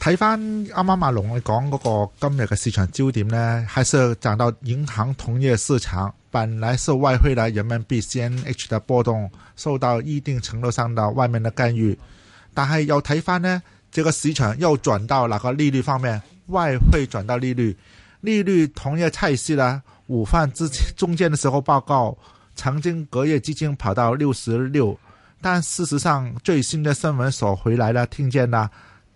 睇翻啱啱馬龍去講嗰個今日嘅市場焦點呢，還是講到銀行同業市場，本來是外匯啦、人民幣、CNH 嘅波動受到一定程度上的外面嘅干預，但係又睇翻呢，這個市場又轉到那個利率方面，外匯轉到利率，利率同業拆息呢，午飯之中間嘅時候報告，曾經隔夜基金跑到六十六，但事實上最新的新聞所回來呢，聽見呢。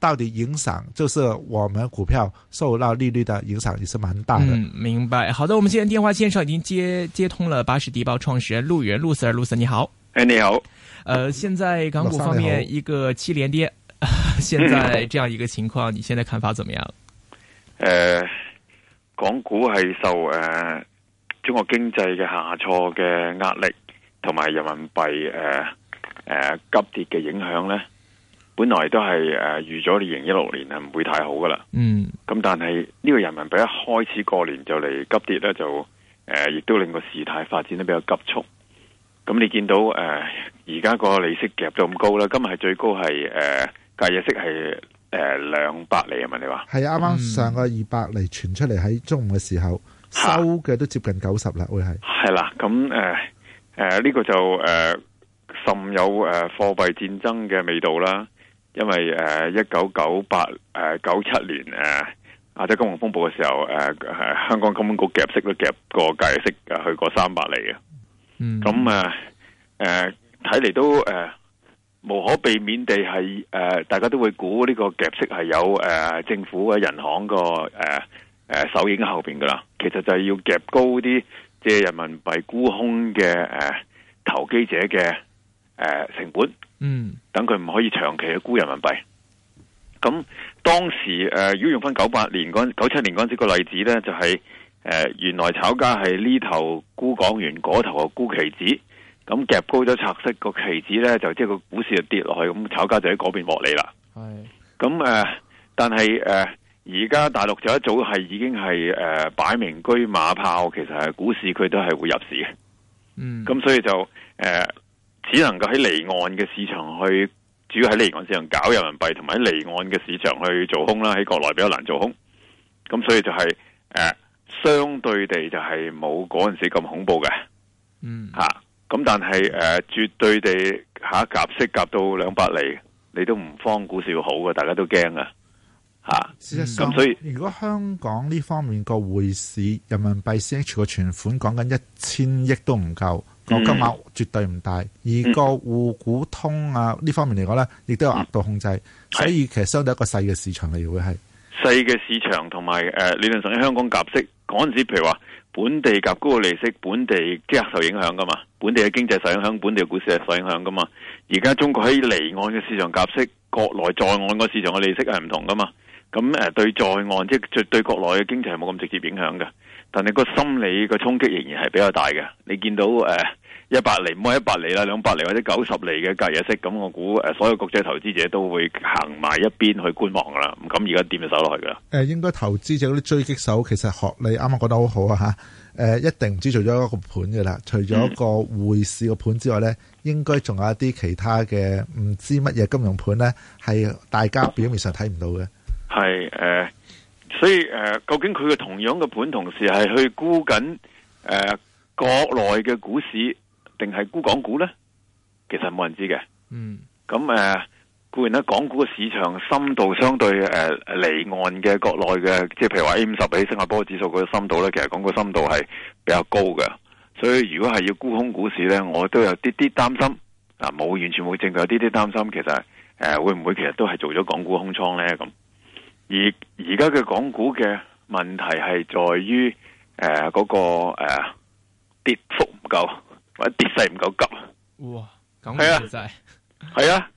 到底影響就是我們股票受到利率的影響也是蠻大的。嗯，明白。好的，我們現在電話線上已經接接通了巴士的報創始人陸羽仁，陸 Sir，陸 Sir 你好。你好。呃，現在港股方面一個七連跌，現在這樣一個情況，你現在看法怎麼樣？嗯呃、港股係受、呃、中國經濟嘅下挫嘅壓力，同埋人民幣誒誒、呃呃、急跌嘅影響呢。本來都係誒預咗二零一六年係唔會太好噶啦，嗯，咁但係呢個人民幣一開始過年就嚟急跌咧，就誒亦、啊、都令個事態發展得比較急促。咁你見到誒而家個利息夾到咁高啦，今日係最高係誒隔夜息係誒兩百厘啊嘛、啊？你話係啊啱啱上個二百厘傳出嚟喺中午嘅時候收嘅都接近九十啦，會係係啦，咁誒誒呢個就誒、啊、甚有誒貨幣戰爭嘅味道啦。因為誒一九九八誒九七年誒亞洲金融風暴嘅時候誒、uh, uh, 香港金管局夾息都夾過隔夜息去過三百厘嘅，咁啊誒睇嚟都誒、uh, 無可避免地係誒、uh, 大家都會估呢個夾息係有誒、uh, 政府、uh, 人行 uh, 啊銀行個誒誒手影喺後邊噶啦，其實就係要夾高啲即係人民幣沽空嘅誒、uh, 投機者嘅誒、uh, 成本。嗯，等佢唔可以長期去沽人民幣。咁當時誒，如、呃、果用翻九八年嗰、九七年嗰啲個例子咧，就係、是、誒、呃、原來炒家係呢頭沽港元沽期指，嗰頭嘅沽期指，咁夾高咗拆息個期指咧，就即係個股市就跌落去，咁炒家就喺嗰邊獲利啦。係咁誒，但係誒而家大陸就一早係已經係誒擺明車馬炮，其實係股市佢都係會入市嘅。嗯，咁所以就誒。呃只能夠喺離岸嘅市場去，主要喺離岸市場搞人民幣，同埋喺離岸嘅市場去做空啦。喺國內比較難做空，咁所以就係、誒、相對地就係冇嗰陣時咁恐怖嘅，嗯嚇，咁、啊、但係、啊、絕對地下、啊、夾息夾到兩百厘，你都唔慌股市好嘅，大家都驚啊嚇。咁、啊、所以，如果香港呢方面個匯市人民幣 C H 個存款講緊一千億都唔夠。我今日絕對唔大，而個滬股通啊呢方面嚟講呢，亦都有額度控制、嗯，所以其實相對一個細嘅市場嚟嘅，會係細嘅市場同埋誒，理論上喺香港加息嗰陣時，譬如話本地加高嘅利息，本地即係受影響噶嘛，本地嘅經濟受影響，本地嘅股市受影響噶嘛。而家中國喺離岸嘅市場加息，國內在岸個市場嘅利息係唔同噶嘛。咁誒對在岸即係對國內嘅經濟係冇咁直接影響嘅，但係個心理嘅衝擊仍然係比較大嘅。你見到誒？啊一百厘唔係一百厘啦，兩百厘或者九十厘嘅隔夜息。咁我估誒，所有國際投資者都會行埋一邊去觀望噶啦。咁而家點嘅手落去噶？誒，應該投資者嗰啲狙擊手，其實學你啱啱講得好好啊吓。誒，一定唔知做咗一個盤噶啦，除咗個匯市個盤之外咧，應該仲有一啲其他嘅唔知乜嘢金融盤咧，係大家表面上睇唔到嘅。係誒、呃，所以誒、呃，究竟佢嘅同樣嘅盤同，同時係去沽緊誒國內嘅股市。定係沽港股呢？其實冇人知嘅。嗯，咁誒，固然呢港股嘅市場深度相對誒、呃、離岸嘅國內嘅，即係譬如話 M 十比起新加坡指數嗰個深度呢，其實港股深度係比較高嘅。所以如果係要沽空股市呢，我都有啲啲擔心啊，冇完全冇證據，有啲啲擔心。呃、點點擔心其實誒、呃、會唔會其實都係做咗港股空倉呢？咁？而而家嘅港股嘅問題係在於誒嗰、呃那個誒、呃、跌幅唔夠。跌勢唔夠急啊！哇，係啊，係啊，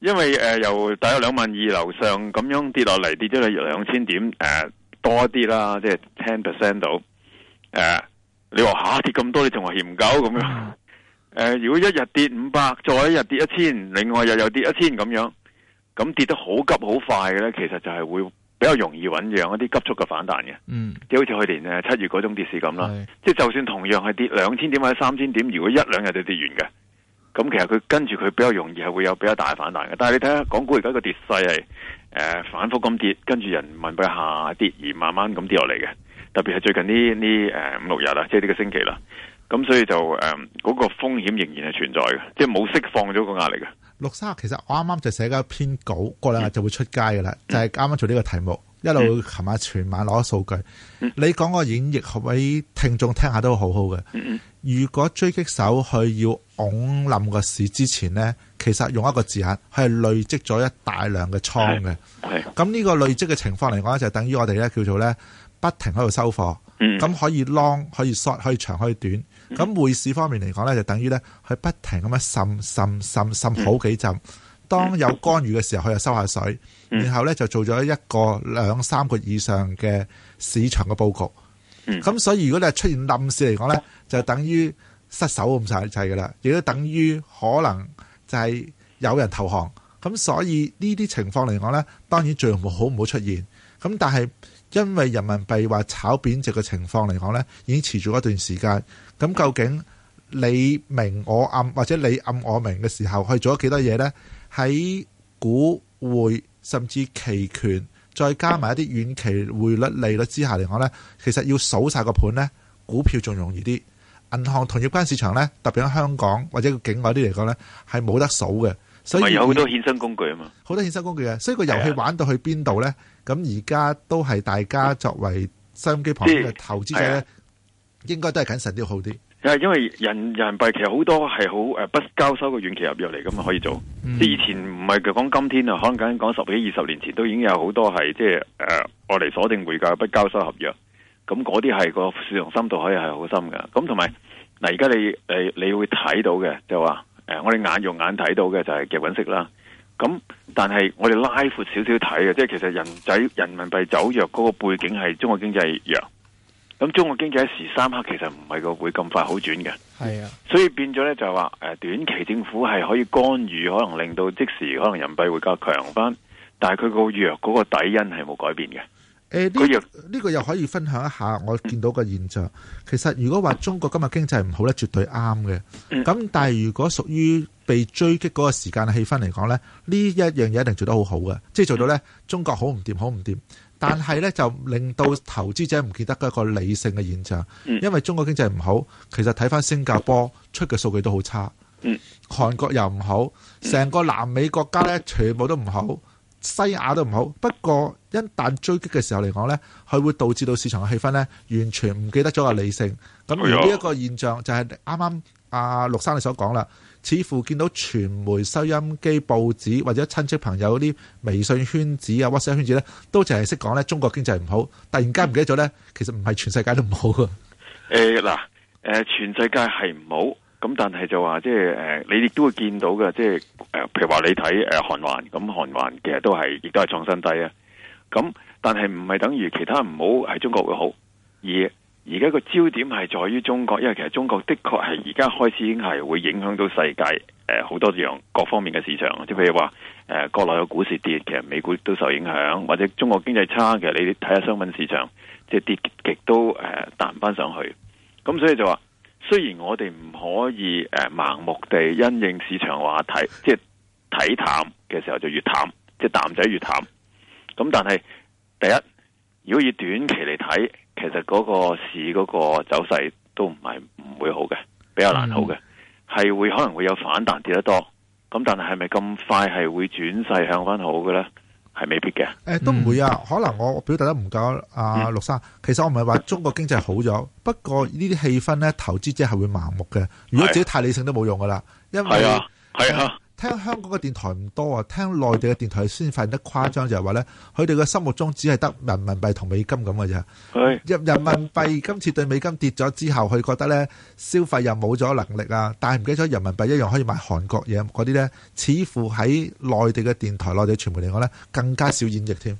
因為誒、呃、由大約兩萬二樓上咁樣跌落嚟，跌咗去約兩千點誒、呃、多啲啦，即係 ten percent 到誒，你話下、啊、跌咁多，你仲話嫌唔夠咁樣？誒、啊呃，如果一日跌五百，再一日跌一千，另外又又跌一千咁樣，咁跌得好急好快嘅咧，其實就係會。比較容易醞釀一啲急速嘅反彈嘅，即、嗯、好似去年誒七月嗰種跌市咁啦。即係就算同樣係跌兩千點或者三千點，如果一兩日就跌完嘅，咁其實佢跟住佢比較容易係會有比較大嘅反彈嘅。但係你睇下港股而家個跌勢係誒反覆咁跌，跟住人民幣下跌而慢慢咁跌落嚟嘅。特別係最近呢呢誒五六日啦，即係呢個星期啦。咁所以就誒嗰、呃嗰個風險仍然係存在嘅，即係冇釋放咗個壓力嘅。六三，其實我啱啱就寫咗一篇稿，過兩日就會出街噶啦、嗯。就係啱啱做呢個題目，嗯、一路琴晚全晚攞咗數據。嗯、你講個演繹俾聽眾聽下都好好嘅、嗯。如果狙擊手去要拱冧個市之前呢，其實用一個字眼，佢係累積咗一大量嘅倉嘅。咁、嗯、呢個累積嘅情況嚟講咧，就等於我哋咧叫做咧不停喺度收貨。咁、嗯、可以 long，可以 short，可以長，可以短。咁匯市方面嚟講咧，就等於咧，佢不停咁樣滲滲滲滲好幾浸，當有干預嘅時候，佢又收下水，然後咧就做咗一個兩三個以上嘅市場嘅布局。咁、嗯、所以如果你係出現冧市嚟講咧，就等於失手咁晒制噶啦，亦都等於可能就係有人投降。咁所以況呢啲情況嚟講咧，當然最唔好唔好出現。咁但係。因為人民幣話炒貶值嘅情況嚟講呢，已經持續一段時間。咁究竟你明我暗或者你暗我明嘅時候，去做咗幾多嘢呢？喺股匯甚至期權，再加埋一啲遠期匯率利率之下嚟講呢，其實要數晒個盤呢，股票仲容易啲。銀行同業間市場呢，特別喺香港或者境外啲嚟講呢係冇得數嘅。所以好多衍生工具啊嘛，好多衍生工具啊，所以個遊戲玩到去邊度咧？咁而家都係大家作為收音機旁邊嘅投資者，是應該都係謹慎啲好啲。因為人人幣其實好多係好誒不交收嘅遠期合約嚟噶嘛，可以做。即、嗯、係以前唔係講今天啊，可能講十幾二十年前都已經有好多係即係誒我嚟鎖定匯價不交收合約，咁嗰啲係個市場深度可以係好深噶。咁同埋嗱，而家你你、呃、你會睇到嘅就話，誒、呃，我哋眼用眼睇到嘅就係弱穩式啦。咁但係我哋拉闊少少睇嘅，即係其實人仔人民幣走弱嗰個背景係中國經濟弱。咁中國經濟一時三刻其實唔係個會咁快好轉嘅。係啊，所以變咗咧就係話，誒、呃，短期政府係可以干預，可能令到即時可能人民幣會加強翻，但係佢個弱嗰個底因係冇改變嘅。誒、欸、呢、呢個呢個又可以分享一下我見到個現象。其實如果話中國今日經濟唔好呢，絕對啱嘅。咁但係如果屬於被追擊嗰個時間嘅氣氛嚟講呢，呢一樣嘢一定做得好好嘅，即係做到呢中國好唔掂好唔掂，但係呢就令到投資者唔記得嗰個理性嘅現象。因為中國經濟唔好，其實睇翻新加坡出嘅數據都好差，韓國又唔好，成個南美國家呢全部都唔好。西亞都唔好，不過一旦追擊嘅時候嚟講呢佢會導致到市場嘅氣氛呢完全唔記得咗個理性。咁呢一個現象就係啱啱阿陸生你所講啦，似乎見到傳媒、收音機、報紙或者親戚朋友啲微信圈子啊、WhatsApp 圈子呢，都淨係識講呢中國經濟唔好，突然間唔記得咗呢，其實唔係全世界都唔好嘅。嗱、呃呃，全世界係唔好。咁但係就話即係誒，你亦都會見到嘅，即係誒，譬如話你睇誒韓環，咁韓環其實都係亦都係創新低啊。咁但係唔係等於其他唔好喺中國會好，而而家個焦點係在於中國，因為其實中國的確係而家開始已經係會影響到世界誒好多樣各方面嘅市場，即係譬如話誒國內嘅股市跌，其實美股都受影響，或者中國經濟差，其實你睇下商品市場即係跌極都誒彈翻上去，咁所以就話。雖然我哋唔可以盲目地因應市場話題，即係睇淡嘅時候就越淡，即係淡仔越淡。咁但係第一，如果以短期嚟睇，其實嗰個市嗰個走勢都唔係唔會好嘅，比較難好嘅，係、嗯、會可能會有反彈跌得多。咁但係係咪咁快係會轉勢向返好嘅呢？係未必嘅，誒、嗯、都唔會啊！可能我表達得唔夠，啊。陸、嗯、生，其實我唔係話中國經濟好咗，不過氣呢啲氣氛咧，投資者係會盲目嘅。如果自己太理性都冇用噶啦，因為啊，係啊。聽香港嘅電台唔多啊，聽內地嘅電台先發現得誇張，就係話呢，佢哋嘅心目中只係得人民幣同美金咁嘅啫。人人民幣今次對美金跌咗之後，佢覺得呢消費又冇咗能力啊。但係唔記得咗，人民幣一樣可以買韓國嘢嗰啲呢，似乎喺內地嘅電台、內地傳媒嚟講呢，更加少演繹添。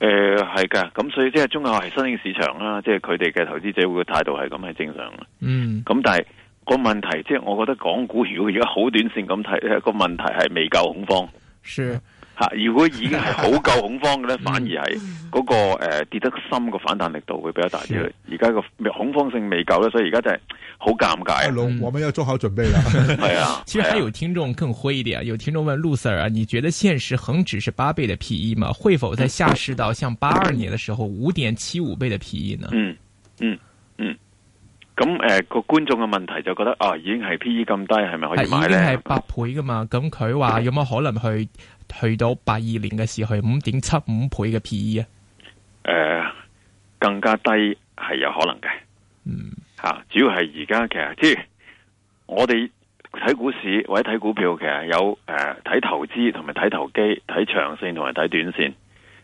誒，係噶，咁所以即係中國係新興市場啦，即係佢哋嘅投資者會嘅態度係咁，係正常。嗯，咁但係。個問題即係我覺得港股如果而家好短綫咁睇，個問題係未夠恐慌。是吓，如果已經係好夠恐慌嘅咧， 反而係嗰、嗯那個誒、呃、跌得深嘅反彈力度會比較大啲。而家個恐慌性未夠咧，所以而家真係好尷尬。啊、我哋要做好準備啦。嗯、 其實還有聽眾更灰一點，有聽眾問陸 Sir 啊，你覺得現時恒指是八倍的 P E 嗎？會否再下市到像八二年嘅時候五點七五倍的 P E 呢？嗯嗯嗯。嗯咁誒，個、呃、觀眾嘅問題就覺得啊，已經係 P E 咁低，係咪可以買咧？係已經係八倍噶嘛？咁佢話有冇可能去去到八二年嘅時去五點七五倍嘅 P E 啊、呃？誒，更加低係有可能嘅。嗯，吓、啊，主要係而家嘅，即係我哋睇股市或者睇股票其實有誒、睇、呃、投資同埋睇投機，睇長線同埋睇短線。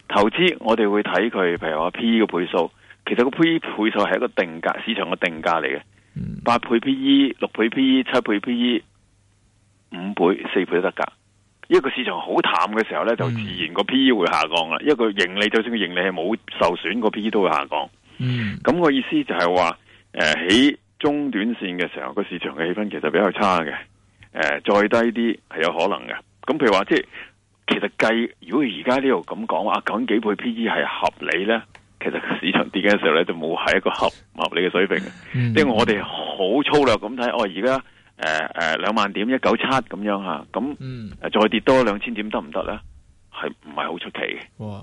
投資我哋會睇佢，譬如話 P E 嘅倍數。其實個 P E 配數係一個定價市場嘅定價嚟嘅，八倍 P E、六倍 P E、七倍 P E、五倍、四倍都得噶。一個市場好淡嘅時候咧，就自然個 P E 會下降啦。一個盈利，就算個盈利係冇受損，個 P E 都會下降。咁、那個意思就係話，誒、呃、喺中短線嘅時候，個市場嘅氣氛其實比較差嘅。誒、呃，再低啲係有可能嘅。咁譬如話，即係其實計，如果而家呢度咁講啊，講幾倍 P E 係合理咧？其實市場跌嘅時候咧，就冇係一個合合理嘅水平嘅。即、嗯、係我哋好粗略咁睇，哦，而家誒誒兩萬點一九七咁樣吓，咁誒、嗯呃、再跌多兩千點得唔得咧？係唔係好出奇嘅？哇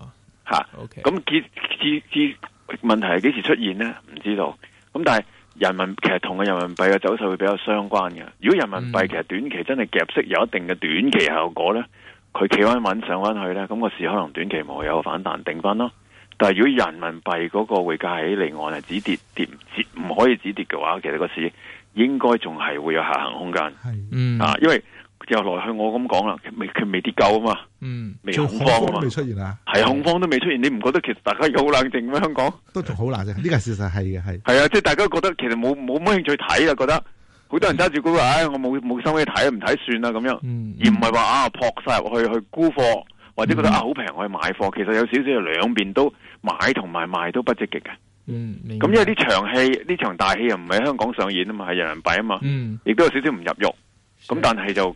吓，okay，咁幾幾幾問題係幾時出現咧？唔知道。咁但係人民其實同個人民幣嘅走勢會比較相關嘅。如果人民幣其實短期真係夾息有一定嘅短期效果咧，佢企穩穩上翻去咧，咁、個市可能短期冇有個反彈定翻咯。但係如果人民幣嗰個匯價喺離岸係止跌跌唔可以止跌嘅話，其實個市應該仲係會有下行空間、嗯。啊，因為又來去我，我咁講啦，未佢未跌夠啊嘛，嗯，未恐慌啊嘛，未出現啊，係恐慌都未出現，你唔覺得其實大家又好冷靜咩？香港都仲好冷靜，呢個事實係嘅，係。係啊，即係大家覺得其實冇冇乜興趣睇啊，覺得好多人揸住股票，唉、嗯哎，我冇冇心機睇，唔睇算啦咁樣，嗯嗯、而唔係話啊撲晒入去去沽貨。或者覺得啊好平，我去買貨。其實有少少兩邊都買同埋賣都不積極嘅。嗯，咁因為啲場戲呢場大戲又唔喺香港上演啊嘛，係人民幣啊嘛。嗯，亦都有少少唔入肉。咁但係就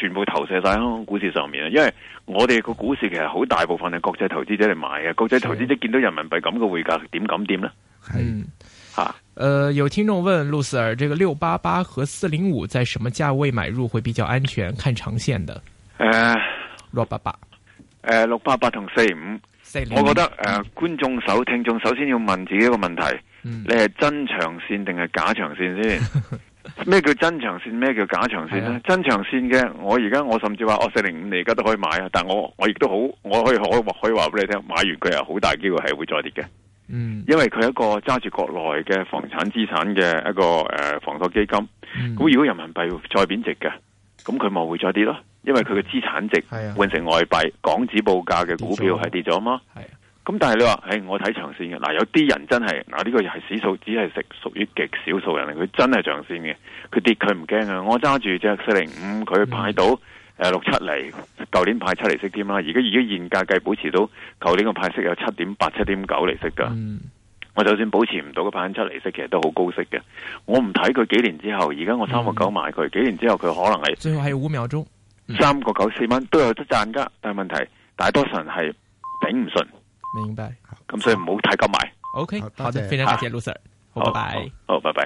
全部投射曬香港股市上面啊。因為我哋個股市其實好大部分係國際投資者嚟買嘅。國際投資者見到人民幣咁嘅匯價，點噉點呢？係嚇。誒、啊嗯呃，有聽眾問陸羽仁，這個六八八和四零五在什麼價位買入會比較安全？看長線的。誒、呃，六八八。誒、呃，六八八同四五，我覺得誒、呃，觀眾首聽眾首先要問自己一個問題，嗯、你係真長線定係假長線先？咩 叫真長線？咩叫假長線咧、啊？真長線嘅，我而家我甚至話，我四零五你而家都可以買啊！但我我亦都好，我可以可話可以話俾你聽，買完佢係好大機會係會再跌嘅。嗯，因為佢係一個揸住國內嘅房產資產嘅一個誒、呃，房託基金，咁、嗯、如果人民幣會再貶值嘅。咁佢咪會再跌咯？因為佢嘅資產值換成外幣，港紙報價嘅股票係跌咗吖嘛。咁但係你話，誒、哎，我睇長線嘅嗱，有啲人真係嗱，呢、呢個係指數，只係食屬於極少數人，佢真係長線嘅，佢跌佢唔驚啊！我揸住隻四零五，佢派到誒六七厘，舊年派七厘息添啦。而家而家現價計保持到，舊年個派息有七點八、七點九厘息噶。嗯我就算保持唔到個板出利息，其實都好高息嘅。我唔睇佢幾年之後，而家我三個九買佢，嗯，幾年之後佢可能係最後係五秒鐘，三個九四蚊都有得賺噶。但係問題，嗯，大多數人係頂唔順。明白。咁所以唔好太急買。O、okay, K，好，好謝謝，非常感謝陸，啊、Sir。好，拜。好，拜拜。